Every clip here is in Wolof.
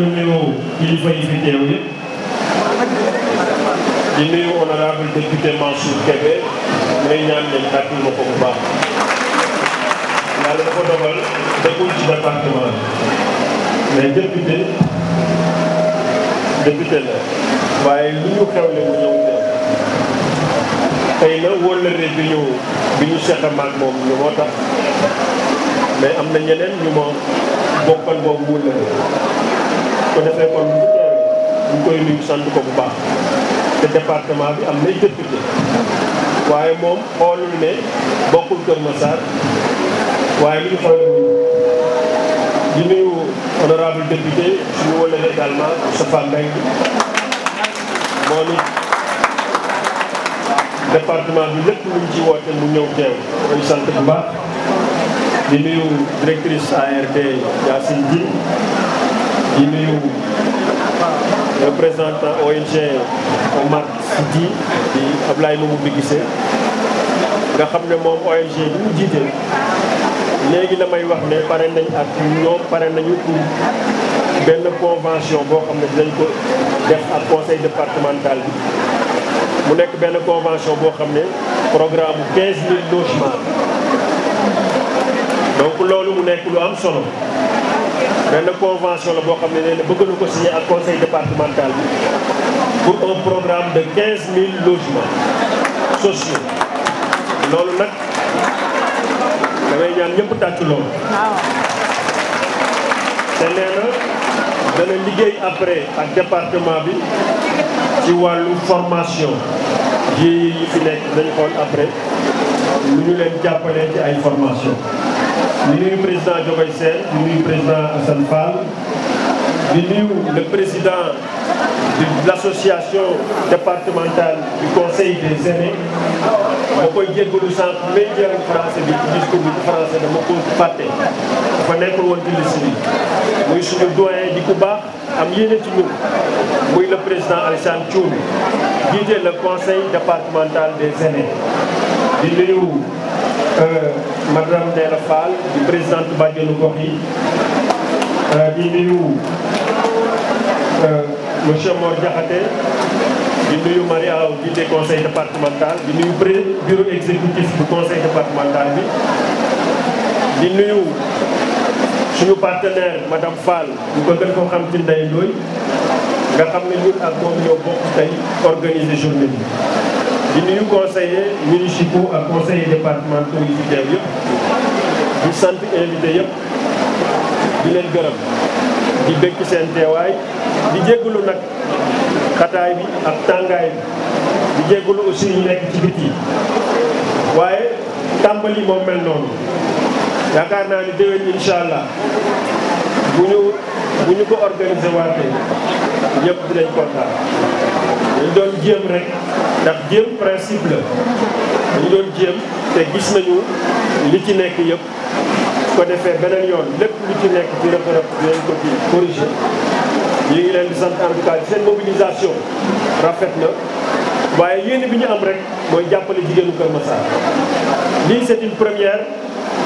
doon ñëw kilifa yi fi teew yëpp di nuyu honorable député Mansour Kébé may ñaan ne kàttu ma ko bu baax yàlla dafa dogal la waaye lu ñu xewle ñëw na wóllëre bi ñu bi ñu moo tax mais am na ñeneen ñu ma bokkal boobu wóllëre ko defee kon bu teew ñu koy nuyu sant ko bu baax te département bi am nay député waaye moom xoolul ne bokkul Kër Massar waaye li ñu xool di nuyu honorable député suñu wëlale également Moustapha Mbengue moom it département bi lépp luñ ci ñëw teew koy sant bu baax di nuyu représentant ONG Omar Sidi di Ablaye Moumoudi Guissé nga xam ne moom ONG bi mu jiite léegi la may wax ne pare nañ ak ñoom pare nañu pour convention boo xam ne dinañ ko def ak conseil départemental bi mu nekk benn convention boo xam ne programme bu 15000 logements donc loolu mu nekk lu am solo. benn convention la boo xam ne nee na bëgg na ko signé ak conseil départemental bi pour un programme de 15000 logements sociaux loolu nag damay ñaan ñëpp tàccu loolu. te nee dana liggéey après ak département bi ci wàllu formation yi yi fi nekk dañu xool après lu ñu leen jàppalee ci ay formation di nuyu président Diomaye Sène di nuyu président Assane Fall di le président de l'association départementale du conseil des aînés ma koy jéggalu sant may jëriñ français bi discours bi français de ko fàtte dafa nekkul woon ci liste bi muy suñu doyen di ku baax am yéene ci ñun le président Alassane Thioune jiite le conseil départemental des aînés di nuyu euh, madame Ndéla Fall di présidente bàjjenu gox yi euh, di nuyu euh, monsieur Mor Diakhaté di nuyu Marie Aw di des conseil départemental di nuyu bureau exécutif du conseil départemental bi di nuyu suñu partenaire madame Fall ñu ko gën koo xam ci Ndeye Ndoye nga xam ne ñun ak moom ñoo bokk tey organiser journée bi di nuyu conseillers municipaux ak conseillers départementaux yi fi teew yëpp di sant invité yëpp di leen gërëm di bëgg seen teewaay di jégalu nag xataay bi ak tàngaay bi di jégalu aussi ñu nekk ci biti waaye tàmbali moom mel noonu yaakaar naa ni déwén incha allah bu ñu. bu ñu ko organise waatee ñëpp dinañ kontaan dañu doon jéem rek ndax jéem principe la dañu doon jéem te gis nañu li ci nekk yëpp ko defee beneen yoon lépp lu ci nekk ci rëpp rëpp dinañ ko ci corrigé ñu ngi leen di sant en tout seen mobilisation rafet na waaye yéene bi ñu am rek mooy jàppale jigéenu Kër Massar lii c'est une première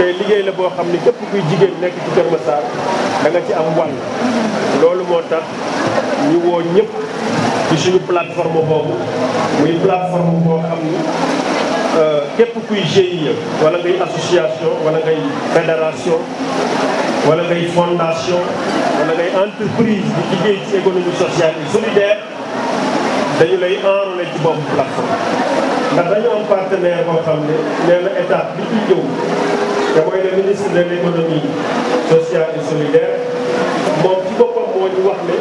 te liggéey la boo xam ne képp kuy jigéen nekk ci Kër Massar da nga ci am wàll loolu moo tax ñu woo ñëpp ci suñu plateforme boobu muy plateforme boo xam ni euh, képp kuy GIE wala ngay association wala ngay fédération wala ngay fondation wala ngay entreprise di liggéey ci économie sociale et solidaire dañu lay enrôler ci boobu plateforme ndax dañu am partenaire boo xam ne nee na état bi ci jëw ministre de sociale et solidaire moom ci boppam moo ñu wax ne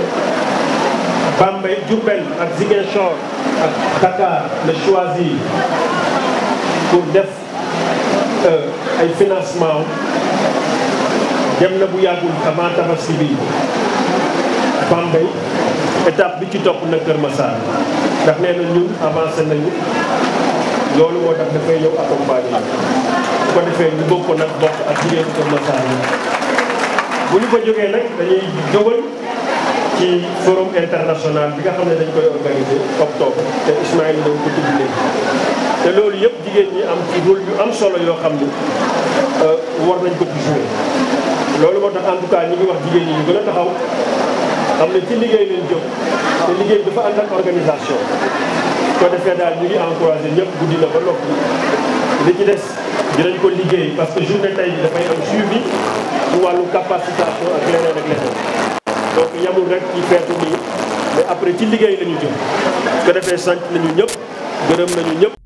Bambey Diourbel ak Ziguinchor ak Dakar la choisir pour def euh, ay financement dem na bu yàggul avant tabaski bi Bambey étape bi ci topp na Kër Massar ndax nee na ñun avancé nañu loolu moo tax dafay ñëw accompagné bu ko defee ñu bokk nag bokk ak jigéen Kër Massar bu ñu ko jógee nag dañuy jógal ci forum international bi nga xam ne dañ koy organisé octobre te Ismaël doon ko tudd léegi te loolu yëpp jigéen ñi am ci rôle yu am solo yoo xam ni euh, war nañ ko ci joué loolu moo tax en tout cas ñu ngi wax jigéen ñi ñu gën taxaw xam ne ci liggéey leen jóg te liggéey dafa ànd organisation ko defee daal ñu ngi encouragé ñëpp guddi la ba noppi li ci des dinañ ko liggéey parce que journée tey bi dafay am suivi ci wàllu capacitation ak leneen ak leneen donc yamul rek ci feetu nii mais après ci liggéey la ñu jóg ko defee sant nañu ñëpp gërëm nañu ñëpp